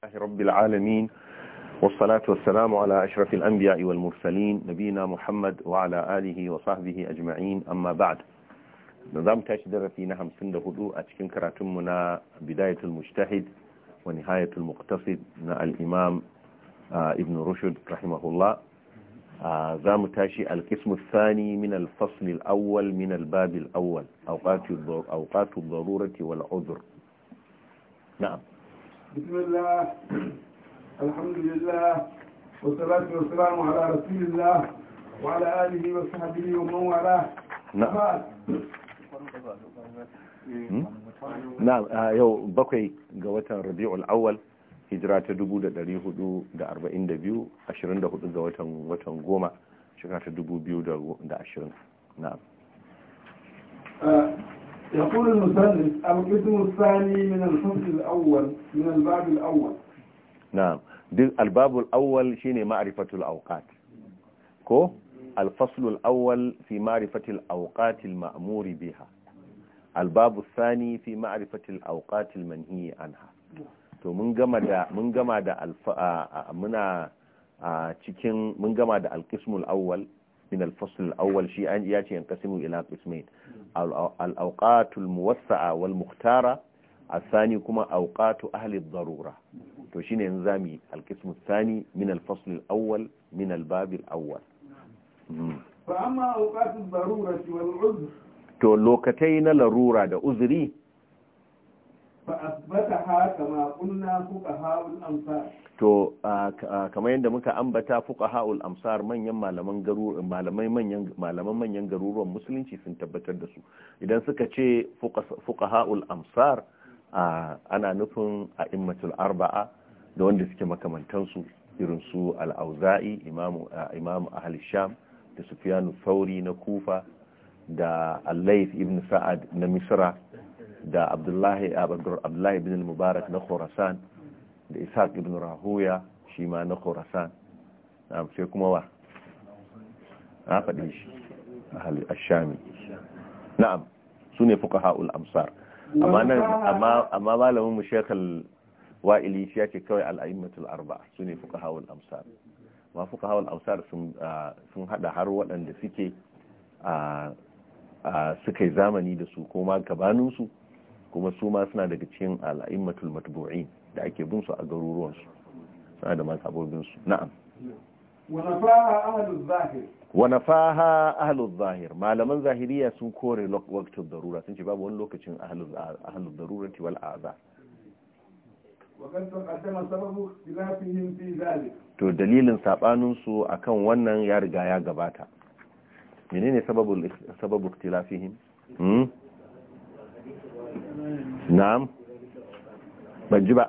الله رب العالمين والصلاة والسلام على أشرف الأنبياء والمرسلين نبينا محمد وعلى آله وصحبه أجمعين أما بعد نظام تشدر في نهم سند هدوء أتكن كراتمنا بداية المجتهد ونهاية المقتصد نا الإمام آه، ابن رشد رحمه الله آه، زام تاشي القسم الثاني من الفصل الأول من الباب الأول أوقات الضرورة والعذر نعم بسم الله الحمد لله والصلاة والسلام على رسول الله وعلى آله وصحبه ومن والاه yau bakwai ga watan rabi'ul awwal hijira ta 1442 24 ga watan watan goma shekara ta 2020 na'am يقول المسلم القسم الثاني من الفصل الأول من الباب الأول نعم الباب الأول شيني معرفة الأوقات كو الفصل الأول في معرفة الأوقات المأمور بها الباب الثاني في معرفة الأوقات المنهي عنها to mun gama da mun gama da alfa muna cikin mun gama da alqismul awwal من الفصل الأول أن ياتي ينقسم إلى قسمين الأوقات الموسعة والمختارة الثاني كما أوقات أهل الضرورة توشين ينزامي القسم الثاني من الفصل الأول من الباب الأول فأما أوقات الضرورة والعذر تو لوكتين لرورة larura da to kamar yadda muka ambata ha'ul amsar manyan malaman manyan malaman manyan garuruwan musulunci sun tabbatar da su idan suka ce fuka ha'ul amsar ana nufin a immatul arba'a da wanda suke makamantan irin su al-auza'i imam sham da sufiyanu sauri na kufa da allaif ibn sa'ad na misra da abdullahi abdullahi ibn mubarak na khurasan da ishaq ibn rahuya shi ma na khurasan sai kuma wa a faɗi shi a shami na'am su ne fuka ha'ul amsar amma malamin mu shekal wa'ili shi yake kawai al'aimmatul arba su ne fuka ha'ul amsar ma fuka ha'ul amsar sun hada har waɗanda suke suka yi zamani da su ko ma gabaninsu kuma su ma suna daga cikin al'immatul matbu'in da ake bin su a garuruwan su suna da masabobin su na'am wa nafaha ahlul zahir malaman zahiriya sun kore waqtul darura sun ce babu wani lokacin ahlul ahlul darurati wal azab to dalilin sabanin a kan wannan ya riga ya gabata menene sababul ikhtilafihim hmm? na'am ban ji ba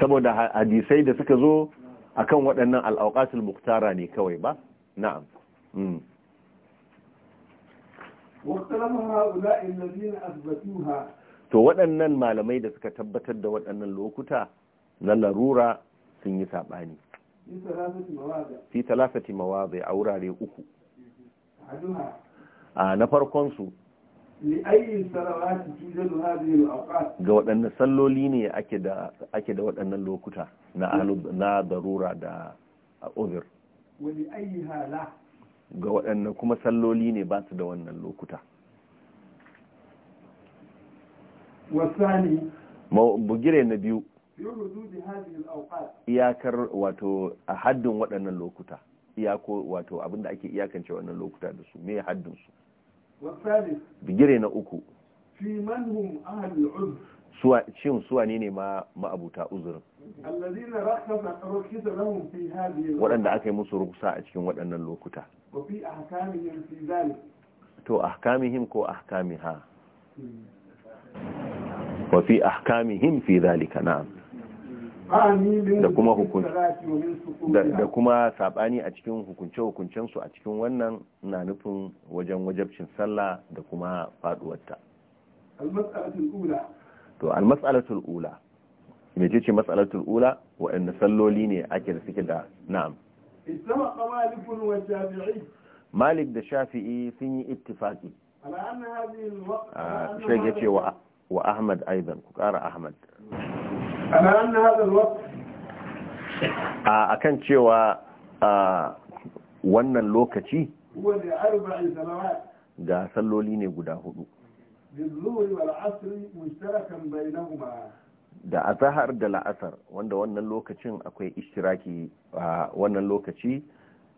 saboda hadisai da suka zo akan waɗannan al'auƙatul muktara ne kawai ba na'am hmm. to waɗannan malamai da suka tabbatar da waɗannan lokuta na larura sun yi saɓani fi talafati mawazi a wurare uku a na farkon su ga waɗannan salloli ne ake da waɗannan lokuta na darura da hala? ga waɗannan kuma salloli ne ba su da wannan lokuta bugire na biyu iyakar wato a haddin waɗannan lokuta iyako wato abinda ake iyakance waɗannan lokuta da su me haddin su bigire na uku shin suwa ne ma ma'abuta uzurin waɗanda aka yi musu rukusa a cikin waɗannan lokuta to ahkamihim ko ahkamiha wa fi ahkamihim fi zalika na'am da kuma hukunci da kuma sabani a cikin hukunce hukuncen a cikin wannan na nufin wajen wajabcin sallah da kuma faduwarta to almas'alatul ula me ce ce ula waɗanda salloli ne ake da suke da na'am malik da shafi'i sun yi ittifaki ah, shege ce wa ahmad aidan ku kara ahmad a kan cewa a wannan lokaci ga salloli ne guda hudu da azahar da la'asar wanda wannan lokacin akwai ishtiraki wannan lokaci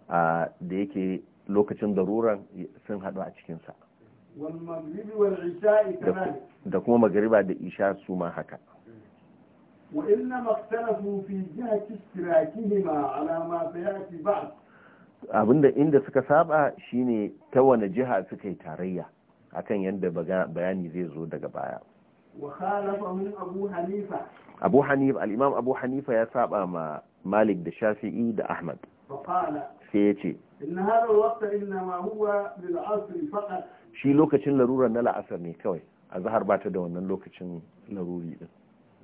da yake lokacin daruran sun hadu a cikinsa da kuma magariba da isha su ma haka وإنما اختلفوا في جهة اشتراكهما على ما سيأتي بعد abinda inda suka saba shine ta wani jiha suka yi tarayya akan yadda bayani zai zo daga baya abu hanifa al'imam abu hanifa ya saba ma malik da shafi'i da ahmad sai ya ce shi lokacin larurar na la'asar ne kawai a zahar bata da wannan lokacin laruri din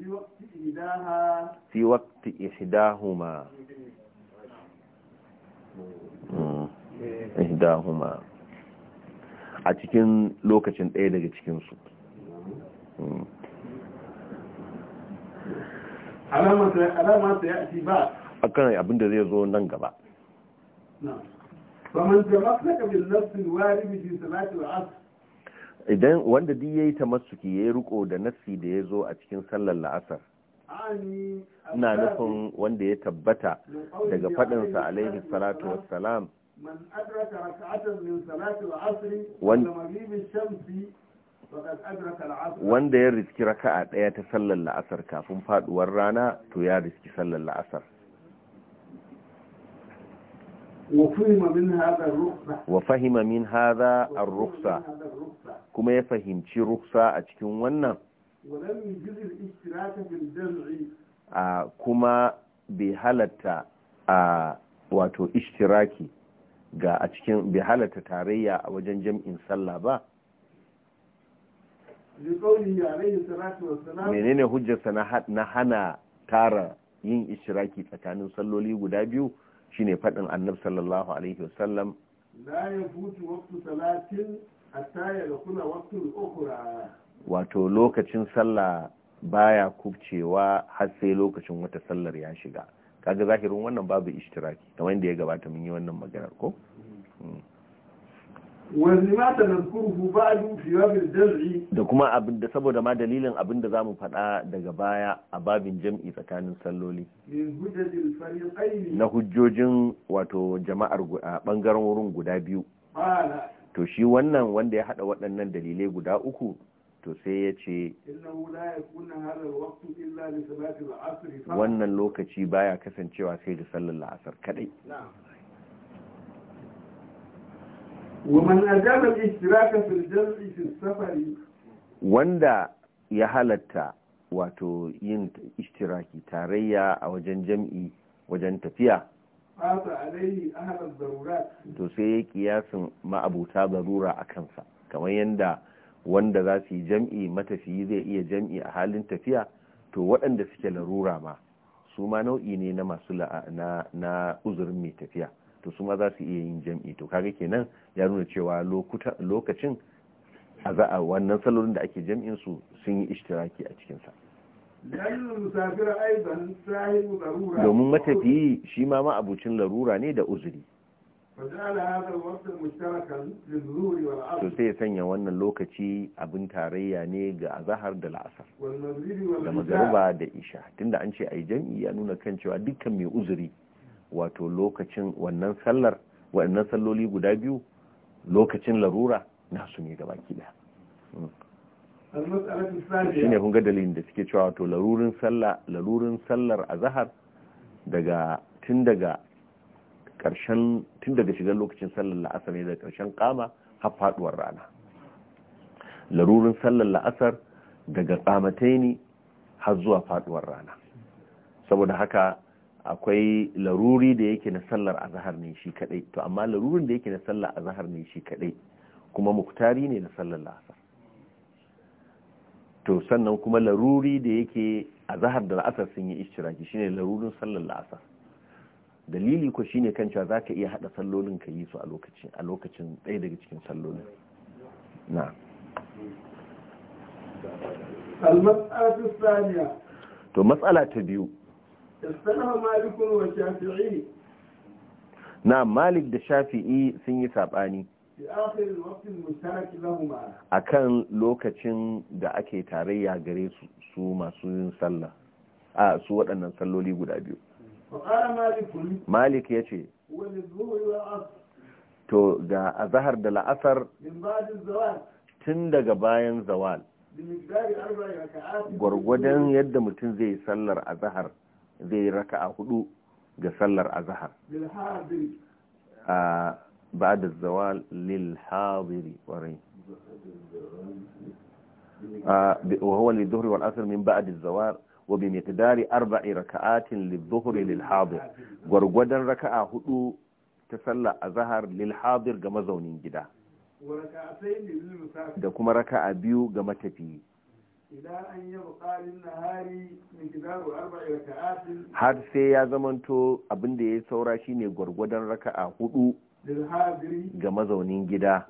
في وقت إحداهما إحداهما a cikin lokacin ɗaya daga cikinsu alamansa ya ci ba a kan abinda zai zo nan gaba ba man jama'a na ƙabin nafsin wari mijin salatu al'asar idan wanda duk yayi ya yi riko da nassi da ya zo a cikin sallar la'asar na nufin wanda ya tabbata daga faɗinsa sa alaihi salatu wanda ya riski raka'a ɗaya ta sallar la'asar kafin faduwar rana to ya riski sallar la'asar wa fahima min hadha ar kuma ya fahimci ruksa a cikin wannan kuma bai halatta a wato ishtiraki ga a cikin bai halatta tarayya a wajen jam'in sallah ba menene hujjarsa na hana tara yin ishtiraki tsakanin salloli guda biyu shine faɗin annab sallallahu alaihi wasallam la salatin wato lokacin sallah baya kubcewa har sai lokacin wata sallar ya shiga kaga zahirin wannan babu ishtiraki kamar yadda ya gabata mun yi wannan maganar ko mm. Wani da kuma abin da saboda ma dalilin abin da zamu faɗa daga baya a babin jam'i tsakanin salloli na hujjojin wato jama'ar bangaren wurin guda biyu to shi wannan wanda ya hada waɗannan dalilai guda uku to sai ya ce wannan lokaci baya kasancewa sai da sallar la'asar kadai wanda ya halatta wato yin ishtiraki tarayya a wajen jam'i wajen tafiya to sai ya kiyasin ma'abuta zarura a kansa kamar yadda wanda za su yi jam'i matafiyi zai iya jam'i a halin tafiya to waɗanda suke larura ma su ma nau'i ne na masu na uzurin mai tafiya to su ma za su iya yin jam'i to kaga kenan ya nuna cewa lokacin a za'a wannan salolin da ake jam'in su sun yi ishtiraki a cikinsa. domin matafiyi shi ma ma'abucin larura ne da uzuri to sai ya sanya wannan lokaci abin tarayya ne ga azahar da la'asar da magariba da isha tunda an ce a jam'i ya nuna kan cewa dukkan mai uzuri wato lokacin wannan sallar waɗannan salloli guda biyu lokacin larura nasu ne gabaki ɗaya shine kun ga dalilin da suke cewa to larurin sallah larurin sallar azhar daga tun daga karshen tun daga shigar lokacin sallar la'asar ne daga karshen kama har faduwar rana larurin sallar la'asar daga kamataini har zuwa faduwar rana saboda haka akwai laruri da yake na sallar azhar ne shi kadai to amma larurin da yake na sallar azhar ne shi kadai kuma muktari ne na sallar la'asar to sannan kuma laruri da yake a zahar da la'asar sun yi ishtiraki shine larurin sallar la'asar dalili ko shine kan cewa zaka iya hada sallolin ka yi su a lokacin a lokacin ɗaya daga cikin sallolin na to matsala ta biyu na malik da shafi'i sun yi saɓani a kan lokacin da ake tarayya gare su masu yin sallah a su waɗannan salloli guda biyu malik ya ce to ga azahar da la'asar tun daga bayan zawal gwargwadon yadda mutum zai sallar azahar zai raka a hudu ga sallar azahar بعد الزوال للحاضر ورين وهو للظهر والأسر من بعد الزوال وبمقدار أربع ركعات للظهر للحاضر ورقودا ركعة هدو تسلى أظهر للحاضر كما زونين جدا da kuma raka'a biyu ga matafiyi har sai ya zamanto abinda ya saura shi ne gwargwadon raka'a hudu ga mazaunin gida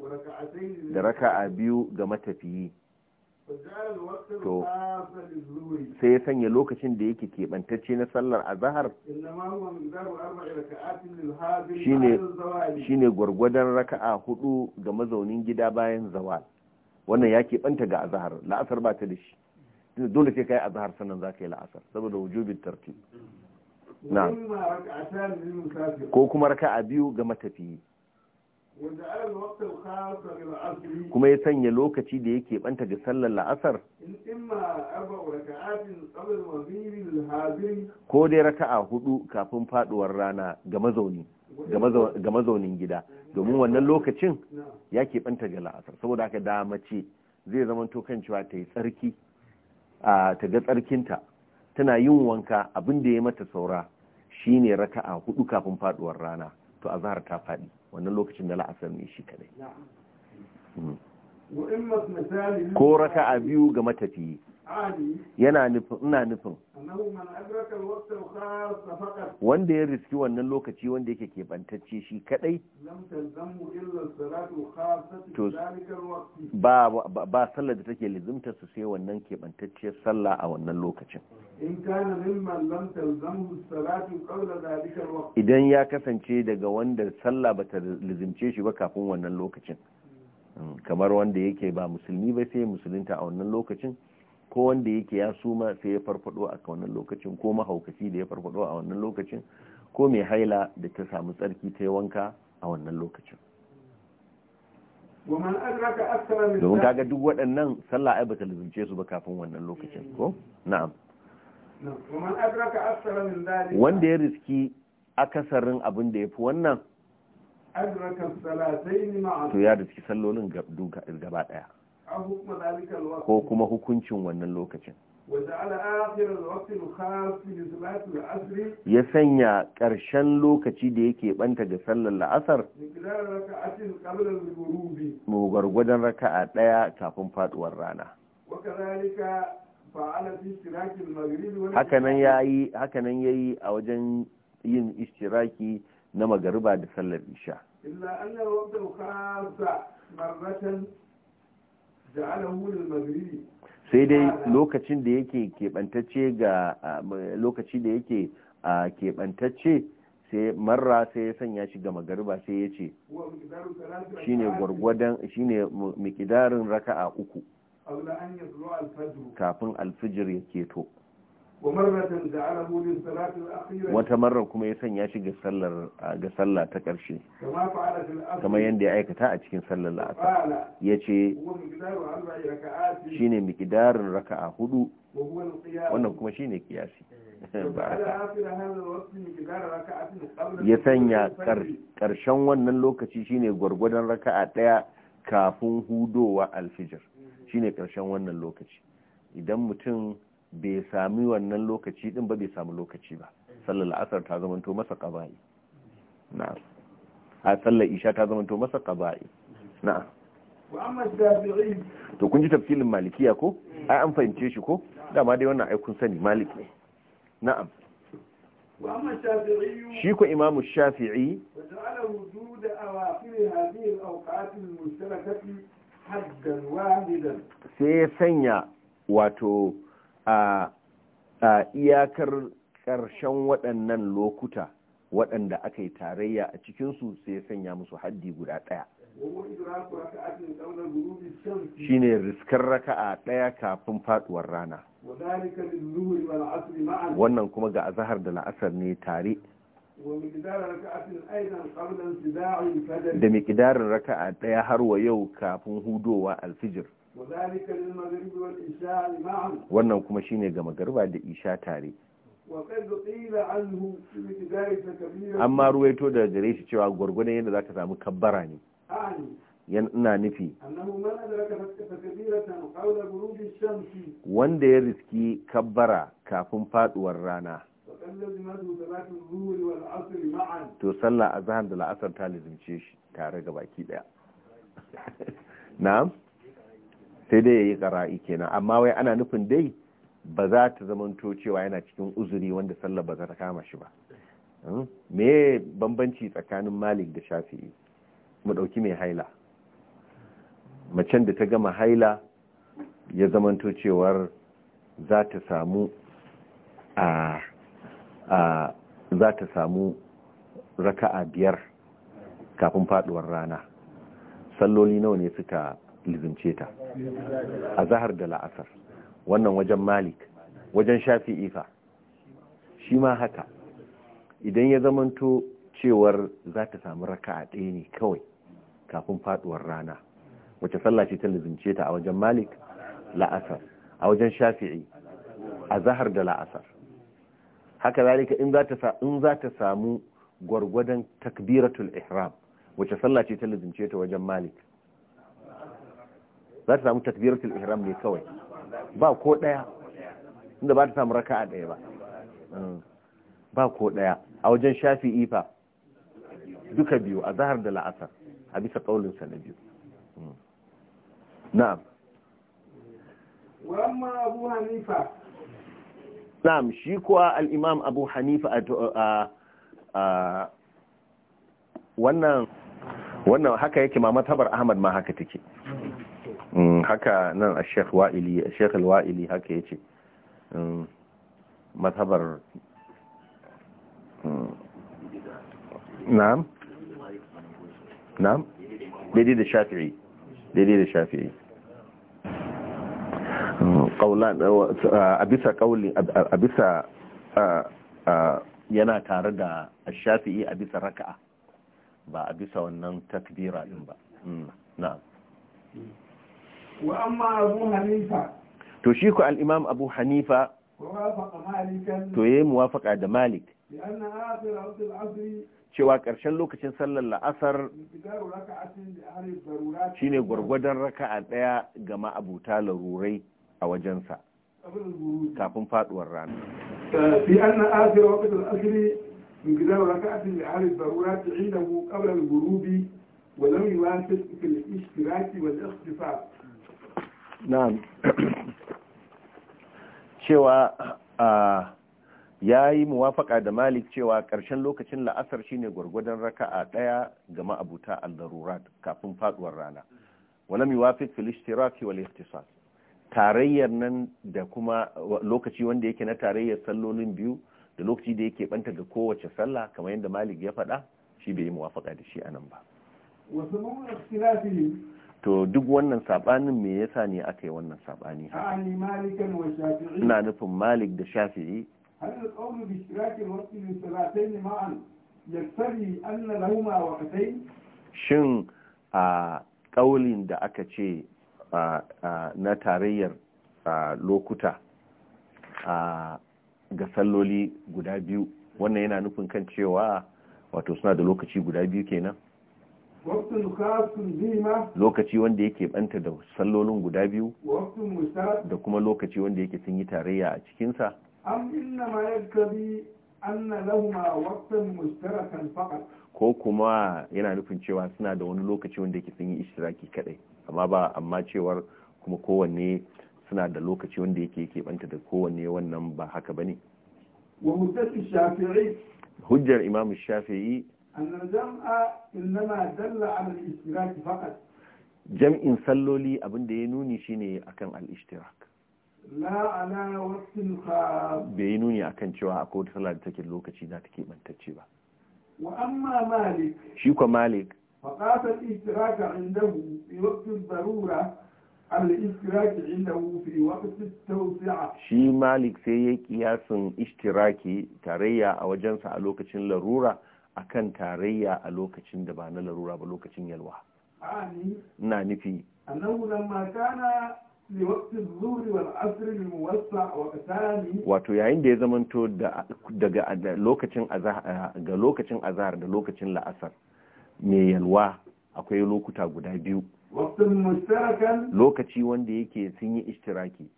da raka'a biyu ga matafiyi to sai ya sanya lokacin da yake keɓantacce na sallar azahar shine gwargwadon raka'a hudu ga mazaunin gida bayan zawal wannan ya keɓanta ga azahar la'asar ba ta da shi dole sai ka yi azahar sannan za ka yi la'asar saboda wujubin tarti. ko kuma raka'a biyu ga matafiyi kuma ya sanya lokaci da yake banta ga sallar la'asar ko dai raka'a hudu kafin faduwar rana ga mazaunin gida domin wannan lokacin ya ke ga la'asar saboda haka dama ce, zai zama to kan cewa ta yi tsarki ta ga tsarkinta tana yin wanka abin da ya mata saura shi ne raka a hudu kafin faduwar rana to a zahar ta fadi wannan lokacin da la'asar ne shi kadai hmm. ko raka a biyu ga matafiye yana nufin ina nufin wanda ya riski wannan lokaci wanda yake keɓantacce shi kadai to ba ba sallar da take lizimta su sai wannan kebantacce sallah a wannan lokacin idan ya kasance daga wanda sallah ba ta lizimce shi ba kafin wannan lokacin hmm. Hmm, kamar wanda yake ba musulmi ba sai musulunta a wannan lokacin ko wanda yake ya suma sai ya farfado a wannan lokacin ko mahaukaci da ya farfado a wannan lokacin ko mai haila da ta samu tsarki ta yi wanka a wannan lokacin domin kaga duk waɗannan sallah ai baka lizince su ba kafin wannan lokacin ko na'am wanda ya riski akasarin abin da ya fi wannan to ya riski sallolin gaba ɗaya ko kuma hukuncin wannan lokacin ya sanya ƙarshen lokaci da yake ɓanta da sallar la'asar mu gwargwadon raka'a ɗaya kafin faduwar rana hakanan ya ya yi a wajen yin istiraki na magariba da sallar isha sai dai lokacin da yake keɓantacce ga lokaci da yake keɓantacce sai marra sai ya sanya shi ga magariba sai ya ce shine gwargwadon shine mikidarin raka'a uku kafin alfijir ya keto wata marar kuma ya sanya shi ga sallah ta ƙarshe kama yadda ya aikata a cikin sallar la'asa ya ce shi ne mikidarin raka'a hudu wannan kuma shi ne kiyasi ya sanya ƙarshen wannan lokaci shi ne gwargwadon raka'a ɗaya kafin hudowa alfijir shi ne ƙarshen wannan lokaci idan mutum bai sami wannan lokaci din ba bai samu lokaci ba sallar la'asar ta zamanto masa kaba'i na'am a sallar isha ta zamanto masa qaba'i na'am to kun ji tafsilin malikiya ko ai an fahimce shi ko dama dai wannan ai kun sani malik ne na'am shi ko imamu shafi'i sai ya sanya wato a iyakar ƙarshen waɗannan lokuta waɗanda aka yi tarayya a cikinsu sai ya sanya musu haddi guda ɗaya shi ne riskar raka'a ɗaya kafin faɗuwar rana wannan kuma ga azahar da la'asar ne tare da miƙidarin raka'a ɗaya har wa yau kafin hudowa alfijir wannan kuma shine ga magarba da isha tare amma ruwaito da gare shi cewa gwargwadon yadda za ka samu kabbara ne ina nufi wanda ya riski kabbara kafin faduwar rana to sallah a zahar da la'asar ta lizimce shi tare ga baki daya na'am sai dai ya yi ƙara'i kenan amma wai ana nufin dai ba za ta zamanto cewa yana cikin uzuri wanda sallah ba za ta kama shi ba hmm? me bambanci tsakanin malik da shafi'i mu ɗauki mai haila macen da ta gama haila ya zamanto cewar za ta samu a za ta samu raka'a biyar kafin faduwar rana salloli nawa ne suka lizimce ta a zahar da la'asar wannan wajen malik wajen shafi'i fa shi ma haka idan ya zamanto cewar za ta samu a ɗaya ne kawai kafin faduwar rana wace sallah ce ta lizimce ta a wajen malik la'asar a wajen shafi'i a zahar da la'asar haka zalika in za ta samu gwargwadon takbiratul ihram wace sallah ce ta lizimce ta wajen malik za ta samu takbiratul ihram ne kawai ba ko daya inda ba ta samu raka'a daya ba mm. ba ko daya a wajen shafi'i fa duka biyu a zahar da la'asar a bisa kaulin sa na biyu mm. na'am wa abu hanifa na'am shi kuwa al-imam abu hanifa a wannan wannan haka yake ma matabar ahmad ma haka take haka nan a sheikh wa'ili a wa'ili haka ya ce um, matabar um, na'am na'am daidai da shafi'i daidai da shafi'i um, uh, a bisa kauli a bisa uh, uh, yana tare da shafi'i a bisa raka'a ba a bisa wannan takbira ɗin ba mm, na'am wa amma abu hanifa to shi ku al'imam abu hanifa to ya yi muwafaka da malik cewa ƙarshen lokacin sallar la'asar shi ne gwargwadon raka'a ɗaya ga ma'abuta larurai a wajensa kafin faduwar rana fi eh, anna akhir waqt na'am cewa ya yi muwafaka da malik cewa ƙarshen lokacin la'asar shine gwargwadon raka a ɗaya ga ma'abuta al-darurat kafin faduwar rana wala miwafiq fil wal tarayyar nan da kuma lokaci wanda yake na tarayyar sallolin biyu da lokaci da yake banta ga kowace sallah kamar yadda malik ya faɗa shi bai yi muwafaka da shi anan ba wasu to duk wannan sabanin me yasa ne aka yi wannan sabani ina nufin malik da shafi'i هل القول باشتراك الوقت للصلاتين معا يقتضي أن لهما وقتين؟ شن قولين da aka ce na tarayyar lokuta ga salloli guda biyu wannan yana nufin kan cewa wato suna da lokaci guda biyu kenan lokaci wanda yake banta da sallolin guda biyu da kuma lokaci wanda yake sun yi tarayya a cikinsa ko kuma yana nufin cewa suna da wani lokaci wanda yake sun yi ishtiraki kadai amma ba amma cewar kuma kowanne suna da lokaci wanda yake yake banta da kowanne wannan ba haka ba ne hujjar imam shafi'i أن الجمع إنما دل على الاشتراك فقط جمع salloli abin da ya nuni shine akan al-ishtirak la ala waqtin khas bai nuni akan cewa akwai wata sallah da take lokaci za ta kebantacce ba wa amma malik shi malik al shi malik sai ya kiyasin ishtiraki tarayya a wajensa a lokacin larura akan tarayya a lokacin da ba na larura ba lokacin yalwa ina nufi wato yayin da ya zamanto daga lokacin ga lokacin azhar da lokacin la'asar mai yalwa akwai lokuta guda biyu lokaci wanda yake sun yi ishtiraki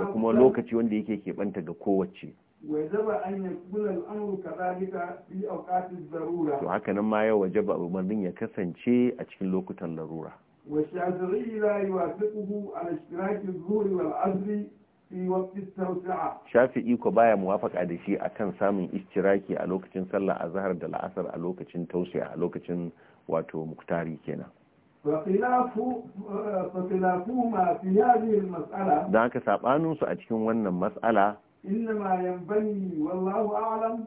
da kuma lokaci wanda yake keɓanta ga kowace wajaba an yakuna al'amru kadhalika fi awqati darura to haka nan ma ya wajaba umarnin ya kasance a cikin lokutan larura wa shafi'i la yuwafiquhu ala ishtiraki adh-dhuhri wal 'asri fi waqti at-tawsi'a shafi'i ko baya muwafaka da shi akan samun ishtiraki a lokacin sallah zahar da la'asar a lokacin tawsi'a a lokacin wato muktari kenan فخلافهما mas'ala. Za المسألة ذاك سابانوس a cikin wannan mas'ala إنما ينبني والله أعلم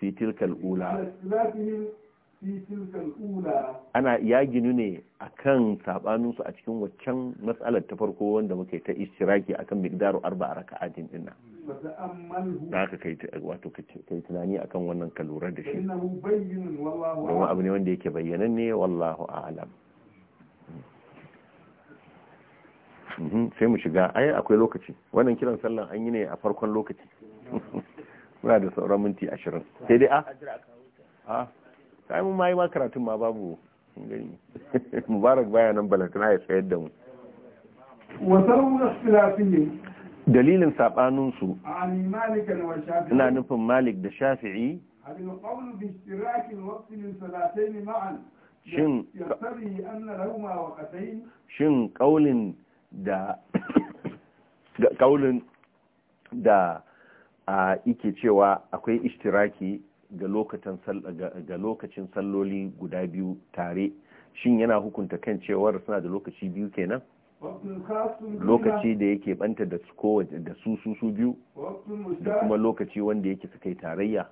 في تلك الأولى ana ya ne a kan saɓaninsu a cikin waccan matsalar ta farko wanda muke ta istiraki akan kan migdaru arba a raka adin dinna kai tunani akan kan wannan kalura da shi domin abu ne wanda yake bayyanan ne wallahu a'alam Mhm, sai mu shiga ai akwai lokaci wannan kiran sallan an yi ne a farkon lokaci muna da sauran minti ashirin sai dai a ah, a ah, sai mun ma karatun ma babu gani mubarak baya nan balantana ya tsayar da mu dalilin saɓaninsu ina nufin malik da shafi'i shin ƙaunin. da kaulin da a ike cewa akwai ishtiraki ga lokacin salloli guda biyu tare shin yana hukunta kan cewar suna da lokaci biyu kenan lokaci da yake banta da su da su su biyu da kuma lokaci wanda yake suka yi tarayya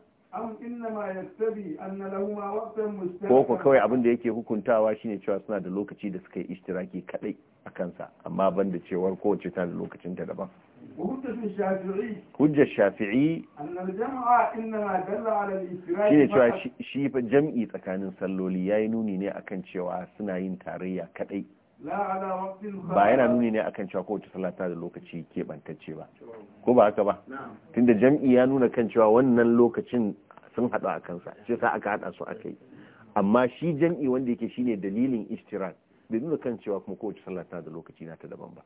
ko kawai abin da yake hukuntawa shine cewa suna da lokaci da suka yi ishtiraki kadai a kansa amma ban da cewar kowace ta da lokacin ta daban hujjar shafi'i shine cewa shi jam'i tsakanin salloli ya yi nuni ne akan cewa suna yin tarayya kadai ba yana nuni ne akan cewa kowace salata da lokaci keɓantacce ba ko ba haka ba tunda jam'i ya nuna kan cewa wannan lokacin sun haɗu a kansa sai sa aka haɗa su aka yi amma shi jam'i wanda yake shine dalilin istirar bai nuna kan cewa kuma kowace salata da lokaci na ta daban ba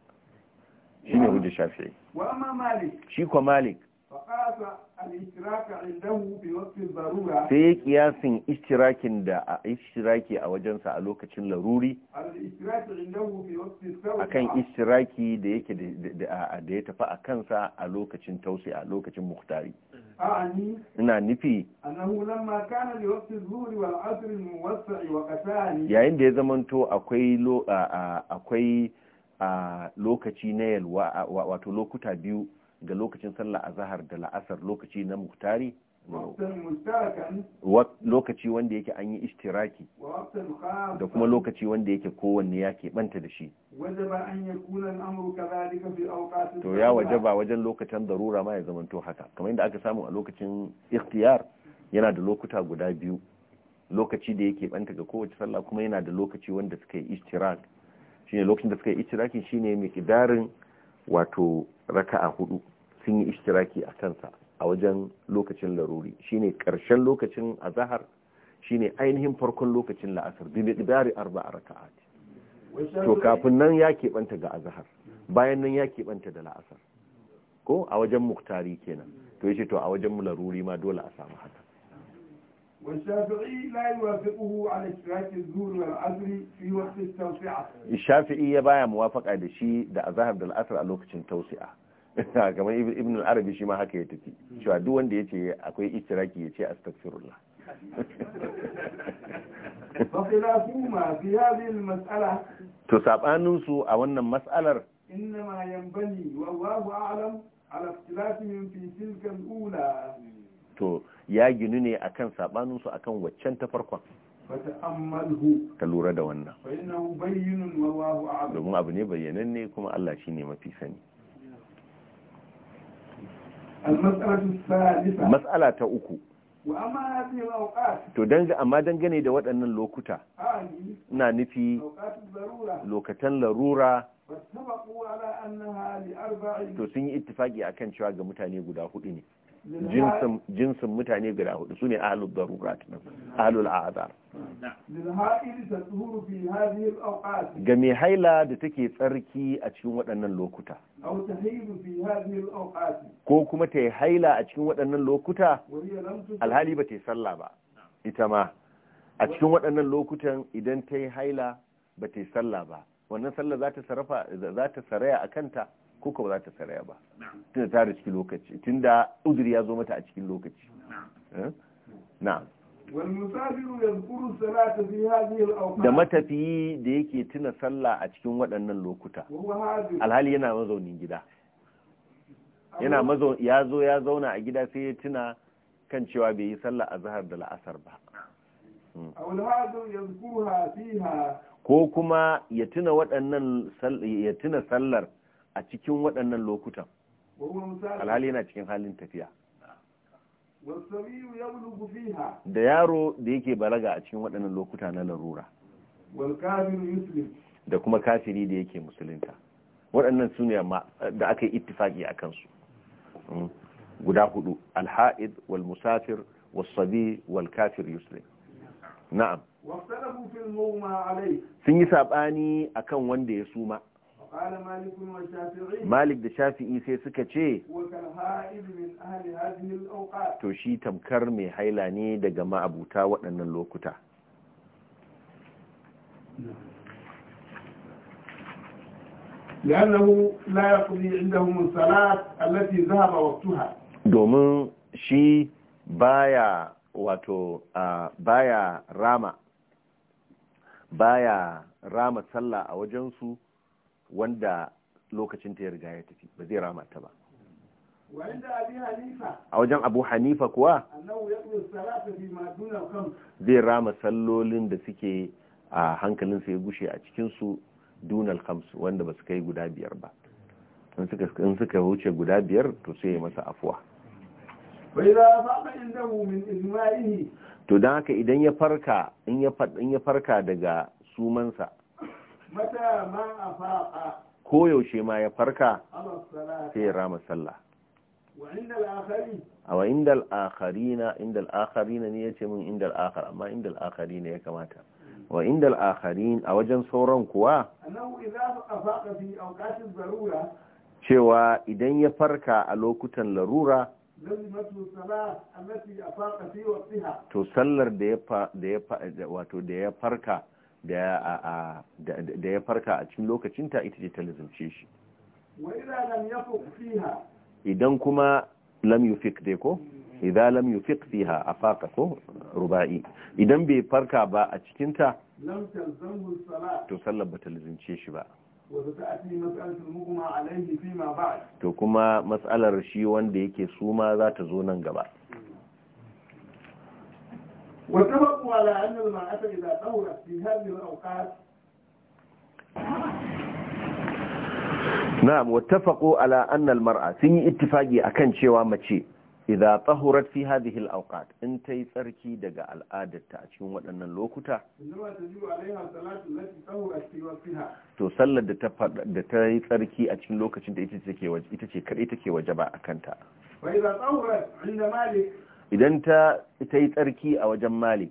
shine hujjar shafi'i shi kwa malik sai ya kiyasin istirakin da istiraki a wajensa a lokacin laruri akan istiraki da yake da ya tafi a kansa a lokacin tausi a lokacin muhtari ina nufi yayin da ya zamanto akwai akwai lokaci na yalwa wato lokuta biyu ga lokacin sallah azhar da la'asar lokaci na muktari lokaci wanda yake an yi ishtiraki da kuma lokaci wanda yake kowanne ya keɓanta da shi to ya waje ba wajen lokacin darura ma ya zamanto haka kamar yadda aka samu a lokacin ikhtiyar yana da lokuta guda biyu lokaci da yake banta ga kowace sallah kuma yana da lokaci wanda suka yi ishtirak shine lokacin da suka yi ishtirakin shine mai kidarin wato raka'a hudu sun yi ishtiraki a kansa a wajen lokacin laruri shine karshen lokacin azahar shine ainihin farkon lokacin la'asar bidari arba'a raka'at to kafin nan ya keɓanta ga azahar bayan nan ya keɓanta da la'asar ko a wajen muktari kenan to yace to a wajen laruri ma dole a samu haka والشافعي لا يوافقه على اشتراك الظهر والعصر في وقت الشافعي da shi da azahar da la'asar a lokacin tausi'a kamar ibn al arabi shi ma haka ya tafi cewa duk wanda ya ce akwai istiraki ya ce masala to sabanin su a wannan mas'alar ma yanbani wallahu a'lam ala ikhtilafihim fi tilka al-ula to ya ginu ne akan sabanin su akan waccan ta farkon Ta lura da wannan domin abu ne ne kuma Allah shine mafi sani matsala ta uku to amma dangane da waɗannan lokuta na nufi lokatan larura to sun yi ittifaki akan cewa ga mutane guda hudu ne jinsin mutane guda hudu su ne ahalul darurat ahalul ga mai haila da take tsarki a cikin waɗannan lokuta ko kuma ta yi haila a cikin waɗannan lokuta alhali ba ta yi sallah ba ita ma a cikin waɗannan lokutan idan ta yi haila ba ta yi sallah ba wannan sallah za ta sarrafa za ta saraya a kanta ko ka za ta saraya ba tunda ta da cikin lokaci tunda uzuri ya zo mata a cikin lokaci na'am da matafiyi da yake tuna sallah a cikin waɗannan lokuta alhali yana mazaunin gida yana ya zo ya zauna a gida sai ya tuna kan cewa bai yi sallah a zahar da la'asar ba hmm. ko kuma ya tuna waɗannan ya tuna sallar a cikin waɗannan lokutan alhali yana cikin halin tafiya da yaro da yake balaga a cikin waɗannan lokuta na larura da kuma kafiri da yake musulunta waɗannan su ne da aka yi ittifaki a kansu mm. guda hudu alha'id wal musafir wal sabi wal kafir yuslim na'am sun yi saɓani akan wanda ya suma malik da shafi'i sai suka ce to shi tamkar mai haila ne daga ma'abuta waɗannan lokuta لأنه لا يقضي عندهم الصلاة التي ذهب وقتها domin shi baya wato baya rama baya rama sallah a wajensu wanda lokacin ta ya riga ya tafi ba zai rama ta ba a wajen abu hanifa kuwa zai rama sallolin da suke a hankalin ya gushe a cikinsu dunal khams wanda ba su kai guda biyar ba in suka wuce guda biyar to sai ya masa afuwa to don haka idan ya farka in ya farka daga sumansa Mata ma ya farka sai ya rama sallah a wa inda al'akharina inda akharina ne ya ce min inda akhar amma inda akharina ya kamata wa inda akharin a wajen sauran kuwa cewa idan ya farka a lokutan larura to sallar da ya wato da ya farka da ya farka a cikin lokacinta ita ce ta lizance shi idan kuma lam yufik dai ko mm. idan lam yufik fiha afaqa ko ruba'i idan bai farka ba a cikinta to sallar ba ta lizance shi ba to kuma matsalar shi wanda yake suma za ta zo nan gaba واتفقوا على أن المرأة إذا دورت في هذه الأوقات na'am wattafaqu ala anna almar'a sun yi ittifaki akan cewa mace idza tahurat fi hadhihi alawqat in tayi tsarki daga al'adarta a cikin waɗannan lokuta to sallar da ta da ta yi tsarki a cikin lokacin da ita take ita ce kadai take wajaba akan ta wa idza tahurat inda malik idan ta ta yi tsarki a wajen mali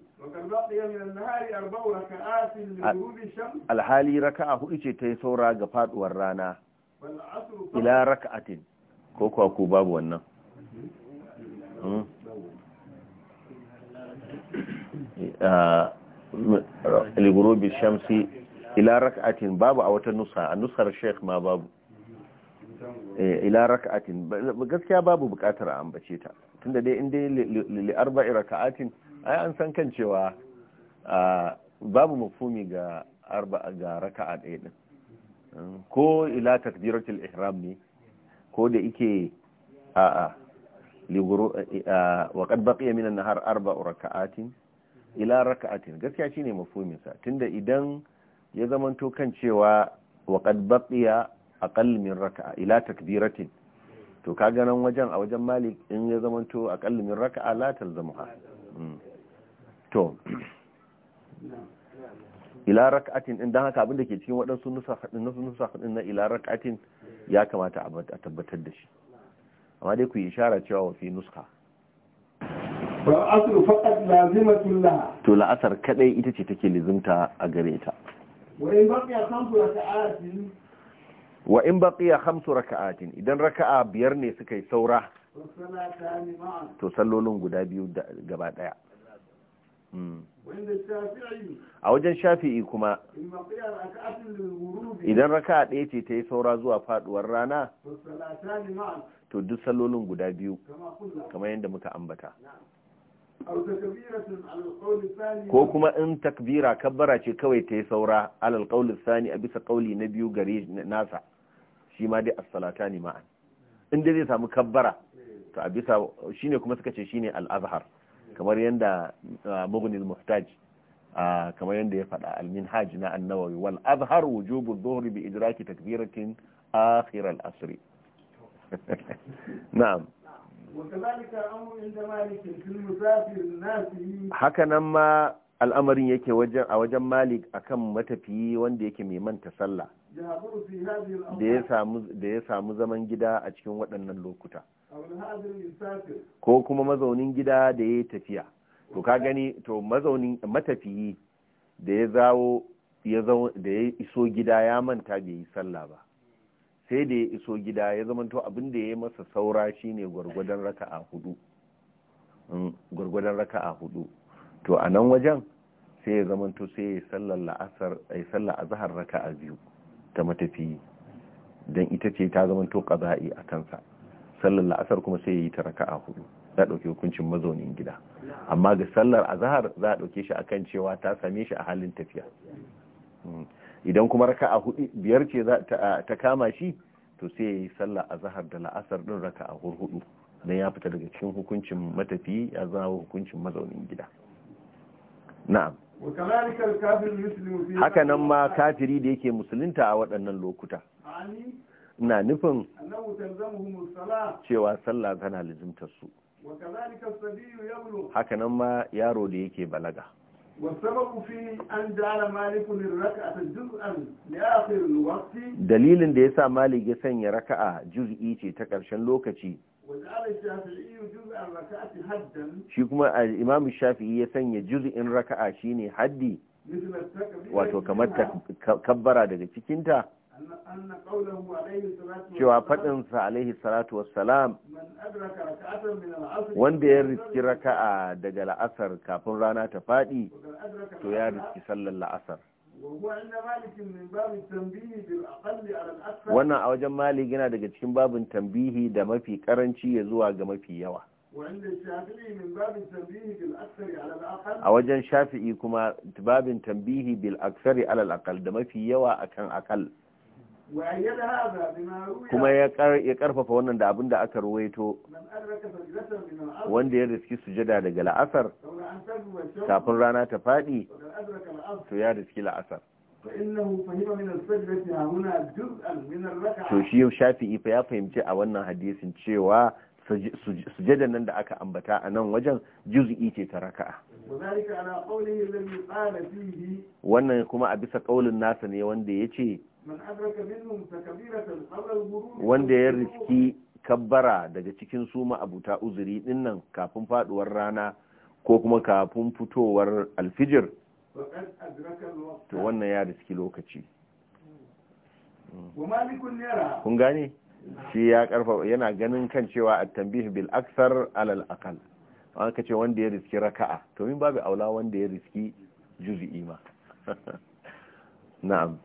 alhali a hudu ce ta yi saura ga faduwar rana ila atin ko kuwa ko babu wannan hmm? eh, ah, ligurobi shamsi ila raka'atin babu a wata nusa a nusar sheikh ma babu eh, ila atin gaskiya babu bukatar a ambace ta tunda dai in dai lili arba'i raka'atin ai an san kan cewa babu mafumi ga arba ga raka'a ɗaya din hmm, ko ila takbiratul ihram ne ko da yake a'a wa qad baqiya min an-nahar arba'u raka'atin ila raka'atin gaskiya shine mafhumin sa tunda idan ya zamanto kan cewa wa qad baqiya aqall min raka'a ila takbiratin to ka ganin wajen a wajen malik in ya zamanto akalli min raka'a la talzamuha mm. to ila rak'atin din dan haka abin da ke cikin waɗansu nusa din nasu nusakh din na ila rak'atin ya kamata a tabbatar da shi amma dai ku yi ishara cewa wa fi nuskha wal asr faqat lazimatun laha to la'asar kadai ita ce take lizimta a gare ta wa in baqiya khamsu raka'atin wa in baqiya khamsu raka'atin idan raka'a biyar ne suka yi saura to sallolin guda biyu gaba daya hmm. a wajen shafi'i kuma idan raka'a ɗaya ce ta yi saura zuwa faduwar rana to duk sallolin guda biyu kamar yadda muka ambata ko kuma in takbira kabbara ce kawai ta yi saura alal sani a bisa ƙauli na biyu gare nasa shi ma dai as-salata ne ma'an in dai zai samu kabbara to a bisa shine kuma suka ce shine al-azhar kamar yanda uh, mughni al-muhtaj uh, kamar yanda ya faɗa al-minhaj na an-nawawi wal azhar wujubu adh-dhuhri bi idraki takbiratin akhir al-asr na'am haka nan ma al'amarin yake a wajen malik akan matafiyi wanda yake mai manta sallah da ya samu zaman gida a cikin waɗannan lokuta ko kuma mazaunin gida da ya yi tafiya to ka gani to mazaunin matafiyi da ya zawo da ya iso gida ya manta bai yi sallah ba sai da ya iso gida ya zamanto abin da ya yi masa saura shine gwargwadon raka hudu mm, hudu to a nan wajen sai ya to sai ya sallar a zahar raka a raka'a biyu ta matafiyi don ita ce ta zama to ƙaza'i a kansa sallar la'asar kuma sai ya yi ta raka'a hudu za a ɗauki hukuncin mazaunin gida amma ga sallar azahar za a ɗauke shi akan cewa ta same shi a halin tafiya hmm. idan kuma raka'a hudu biyar ce ta kama shi to sai ya yi sallar azahar da la'asar ɗin raka'a hudu don ya fita daga cikin hukuncin matafiyi ya zama hukuncin mazaunin gida na'am haka nan ma kafiri da yake musulunta a waɗannan lokuta na nufin cewa sallah tana lizimtar su haka nan ma yaro da yake balaga dalilin da ya sa malik ya sanya raka'a juz'i ce ta ƙarshen lokaci shi kuma imamu shafi'i ya sanya juz'in raka'a shine haddi wato kamar kabbara daga cikinta cewa faɗinsa alaihi salatu wassalam wanda ya riski raka'a daga la'asar kafin rana ta faɗi to ya riski sallar la'asar wannan a wajen malik yana daga cikin babin tambihi da mafi karanci ya zuwa ga mafi yawa a wajen shafi'i kuma babin tambihi bil aksari alal akal da mafi yawa akan akal kuma ya karfafa wannan da abin da aka ruwaito wanda ya riski sujada daga la'asar kafin rana ta faɗi to ya riski la'asar to shi yau shafi'i fa ya fahimci a wannan hadisin cewa sujada nan da aka ambata a nan wajen juz'i ce ta raka'a wannan kuma a bisa ƙaulin nasa ne wanda ya ce wanda ya riski kabbara daga cikin suma su ma'abuta uzuri dinnan kafin faduwar rana ko kuma kafin fitowar alfijir to wannan ya riski lokaci kun gane shi ya karfa yana ganin kan cewa a tambih bil aksar alal akal an ka ce wanda ya riski raka'a to min babu aula wanda ya riski juzi'i ma na'am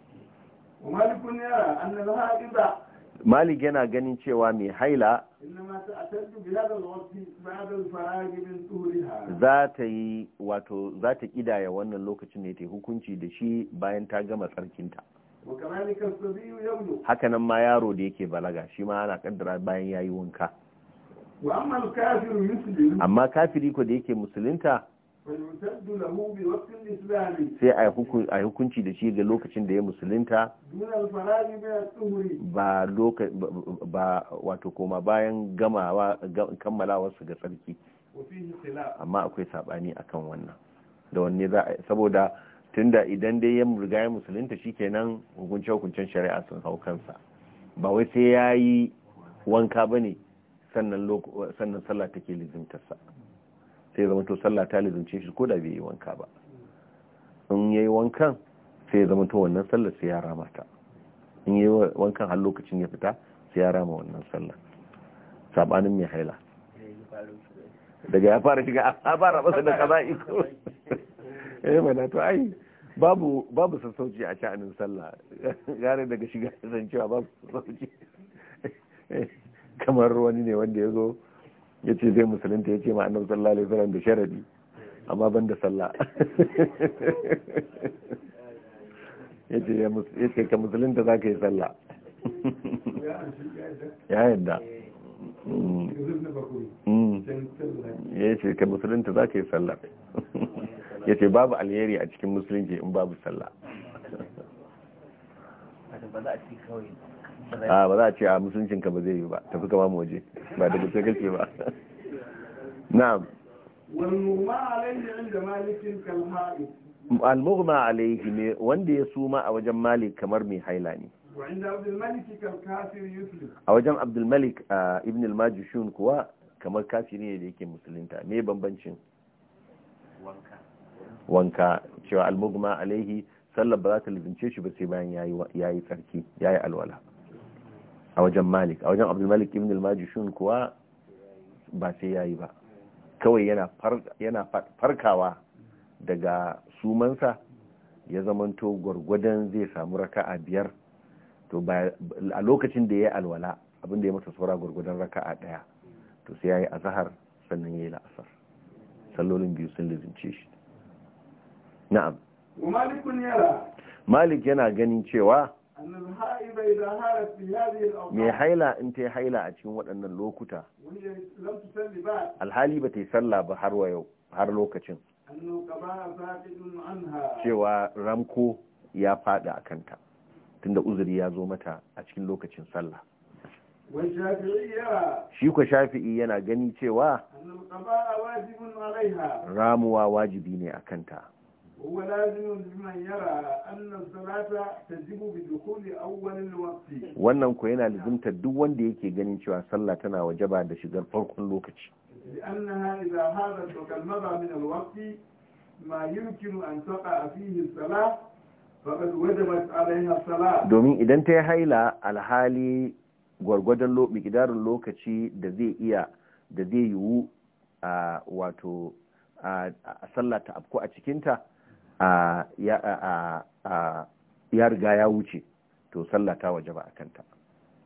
malik yana ganin cewa mai haila za ta yi wato za ta kidaya wannan lokacin ne ta hukunci da shi bayan ta gama tsarkinta hakanan ma yaro da yake balaga shi ma ana kaddara bayan ya wanka amma kafiri ko da yake musulunta sai a yi hukunci da shi ga lokacin da ya musulunta ba ba wato koma bayan gamawa ga tsarki amma akwai sabani kan wannan da wanne za a saboda tunda idan dai ya riga ya musulunta shikenan hukunce hukuncen shari'a sun hau kansa ba wai sai ya yi wanka ba ne sannan sallah take lizimtarsa sai zama to sallah ta lizince shi ko da bai yi wanka ba in ya yi wankan sai zama to wannan sallah sai ya rama ta in ya yi wankan har lokacin ya fita sai ya rama wannan sallah sabanin mai haila daga ya fara shiga a fara masa da kaza iko eh mana to ai babu babu sassauci a sha'anin sallah gare daga shiga zancewa babu sassauci eh, kamar wani ne wanda ya zo ya ce zai musulunta ya ce ma annabi sallallahu alaihi wasallam da sharadi amma ban da sallah ya ce ya ce ka musulunta za ka yi sallah ya yadda mm. ya ce ka musulunta za ka yi sallah ya ce babu alheri a cikin musulunci in babu sallah ba za a ci kawai a ba za a ce a musuluncin ka ba zai yi ba tafi kama mu waje ba da gaske kake ba na'am al-mughma alayhi ne wanda ya suma a wajen malik kamar mai haila ne a wajen abdulmalik ibn al-majishun kuwa kamar kafiri ne da yake musulunta me bambancin wanka cewa al-mughma alayhi sallar ba za ta lizince shi ba sai bayan yayi tsarki yayi alwala a wajen malik a wajen abdulmalik ibn al-majishun kuwa ba sai yayi ba kawai yana farkawa daga sumansa ya zamanto gwargwadon zai samu raka'a biyar to a lokacin da ya yi alwala abinda ya masa saura gwargwadon raka'a daya to sai yayi yi zahar sannan ya yi la'asar sallolin biyu sun lizince shi na'am malik yana ganin cewa Me haila in ta yi haila a cikin waɗannan lokuta alhali ba ta yi sallah ba har yau har lokacin cewa ramko ya faɗi a kanta tunda uzuri ya zo mata a cikin lokacin sallah shi ku shafi'i yana gani cewa ramuwa wajibi ne a kanta هو لازم لمن يرى أن الصلاة تجب بدخول أول الوقت wannan ko yana lizimtar duk wanda yake ganin cewa sallah tana wajaba da shigar farkon lokaci لأنها إذا هذا من الوقت ما يمكن أن تقع فيه الصلاة فقد وجبت عليها الصلاة domin idan ta yi haila alhali gwargwadon mikidarin lokaci da zai iya da zai yiwu a wato a sallata ta a cikinta ya riga ya wuce to sallah waje ba a kanta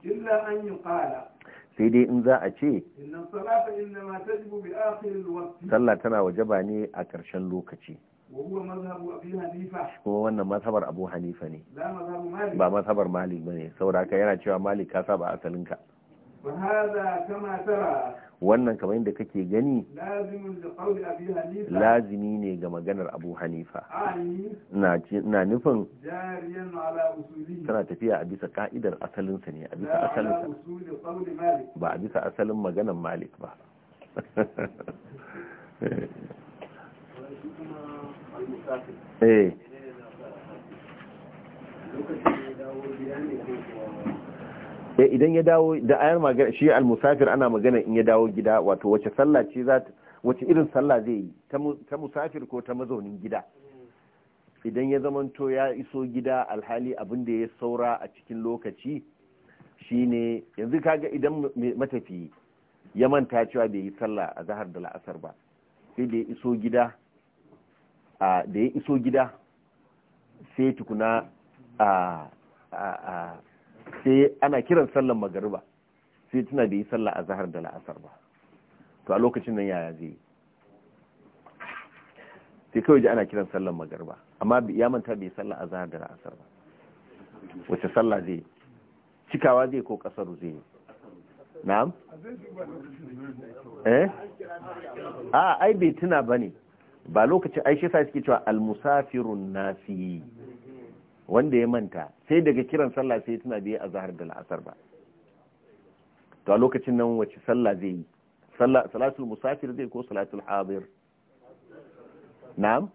illa an yi sai dai in za a ce sallah tana waje ba ne a ƙarshen lokaci kuma wannan mazhabar abu hanifa ne ba mazhabar malik ba ne saboda haka yana cewa malik ka saba asalinka wannan kamar yadda kake gani lazimi ne ga maganar abu hanifa na nufin tana tafiya a bisa ka'idar asalinsa ne a bisa asalinsa ba a bisa asalin maganar malik ba eh sai idan ya dawo da ayar magana shi al-musafir ana magana in ya dawo gida wato wace sallah ce za wace irin sallah zai yi ta musafir ko ta mazaunin gida idan ya zamanto ya iso gida alhali abin da ya saura a cikin lokaci shine yanzu kaga idan matafi ya manta cewa bai yi sallah a zahar da la'asar ba sai da ya iso gida da ya iso gida sai tukuna a sai ana kiran sallar magariba sai tuna bai yi sallah a zahar da la'asar ba to a lokacin nan yaya zai yi sai kawai ji ana kiran sallar magariba amma ya manta bai sallah a zahar da la'asar ba wace sallah zai yi cikawa zai ko kasar zai yi na'am eh a ai bai tuna bane ba lokacin ai shi sa suke cewa al-musafirun nasi wanda ya manta sai daga kiran sallah sai tana biye a zahar da la'asar ba to a lokacin nan wace sallah zai yi salatul musafir zai ko salatul hadir na'am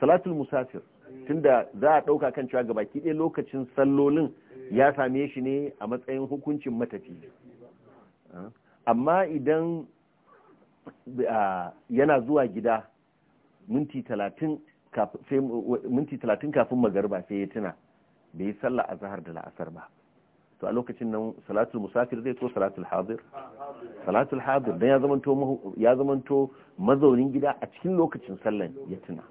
salatul musafir tunda za a ɗauka kan cewa gabaki ɗaya lokacin sallolin ya same shi ne a matsayin hukuncin matafi amma idan yana zuwa gida minti talatin minti talatin kafin magarba sai ya tuna bai yi sallah a zahar da la'asar ba to a lokacin nan salatul musafir zai ko salatul hadir salatul hadir dan ya zamanto mazaunin gida a cikin lokacin sallan ya tuna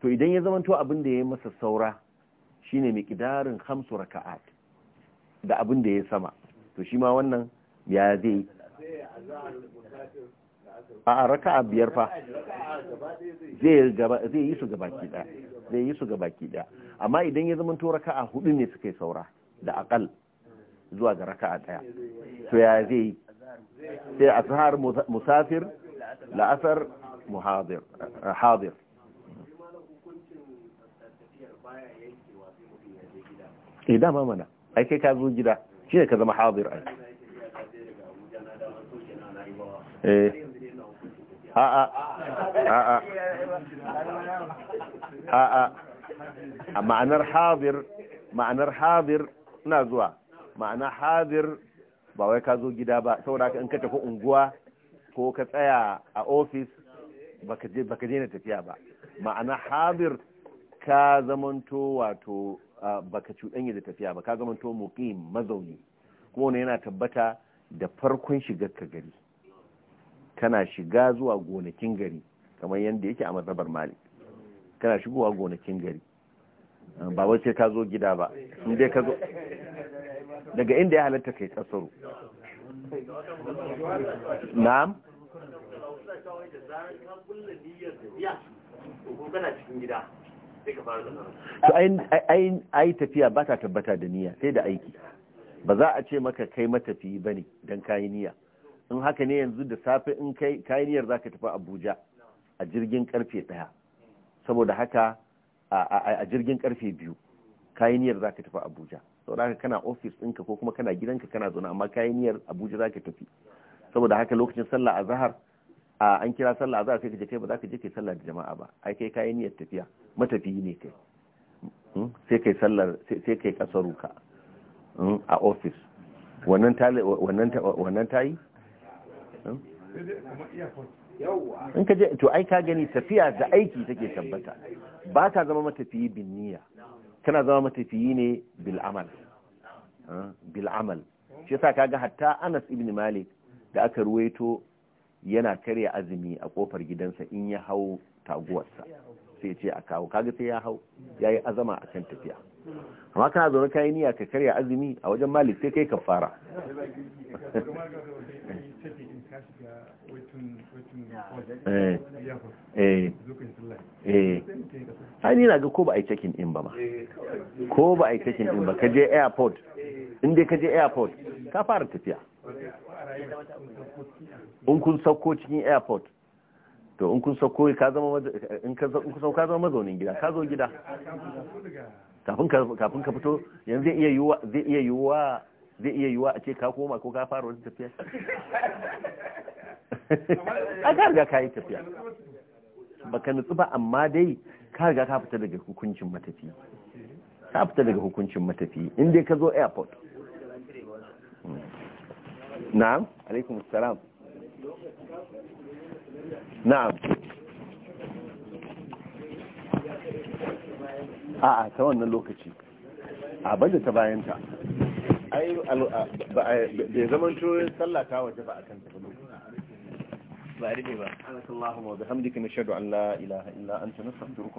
to idan ya zamanto abin da ya masa saura shine kidarin hamsu raka'at da abin da ya sama to shi ma wannan ya zai a a biyar fa zai yi su gabaki daya zai yi su baki daya amma idan ya zama to a hudu ne suka yi saura da akal zuwa ga raka a daya to ya zai yi sai tsahar musafir la'asar muhadir eh, hadir eh dama mana ai kai ka zo gida ne ka zama hadir ai eh a ma'anar ma'anar ina zuwa ma'ana Habir ba wai ka zo gida ba saboda in ka tafi unguwa ko ka tsaya a ofis baka je na tafiya ba ma'ana hadir ka zamanto wato ba baka cuɗanya da tafiya ba ka zamanto muqim mazauni kuma wani yana tabbata da farkon shigar ka gari kana shiga zuwa gonakin gari kamar yadda yake a matsabar malik kana shigowa gonakin gari ba wai sai ka zo gida ba in dai ka zo daga inda ya halatta kai kasaro na'am to ai tafiya ba ta tabbata da niyya sai da aiki ba za a ce maka kai matafi ba ne don kayi niyya in haka ne yanzu da safe in kai kayaniyar za ka tafi abuja a jirgin karfe daya saboda haka a jirgin karfe biyu kayaniyar za ka tafi abuja saboda haka kana ofis ɗinka ko kuma kana gidanka kana zaune amma kayaniyar abuja za ka tafi saboda haka lokacin sallah a zahar an kira sallah zahar sai ka je kai ba za ka je kai sallah da jama'a ba ai kai kayan tafiya matafiyi ne kai hmm? sai kai sallar sai kai kasaru hmm, a office wannan ta wannan ta yi in ka je to ai ka gani tafiya da aiki take tabbata ba ka zama matafiyi bin niyya kana zama matafiyi ne bil amal ah, bil amal shi yasa kaga hatta Anas ibn Malik da aka ruwaito yana karya azumi a kofar gidansa in ya hau taguwarsa sai ce a kawo kaga sai ya hau ya azama a kan tafiya amma kana zaune kayi niyya ka karya azumi a wajen malik sai kai ka fara Eh. Eh. Eh. ni na ga ko ba a yi check-in ba ma ko ba a yi check-in ba kaje airport inda dai kaje airport ka fara tafiya in kun sauko cikin airport to in kun sauko ka zama in ka sauko ka zama mazaunin gida ka zo gida kafin ka fito yanzu zai iya yiwuwa zai iya yiwa a ce ka koma ko ka fara wani tafiya a ka riga ka yi tafiya baka nutsu ba amma dai ka riga ka fita daga hukuncin matafi ka fita daga hukuncin matafi inda ka zo airport na'am alaikum salam na'am a'a ta wannan lokaci a bada ta bayanta ai bai zaman turin sallah waje ba a kan ta ba ba a ba. Allahumma an la ilaha illa anta nastaghfiruka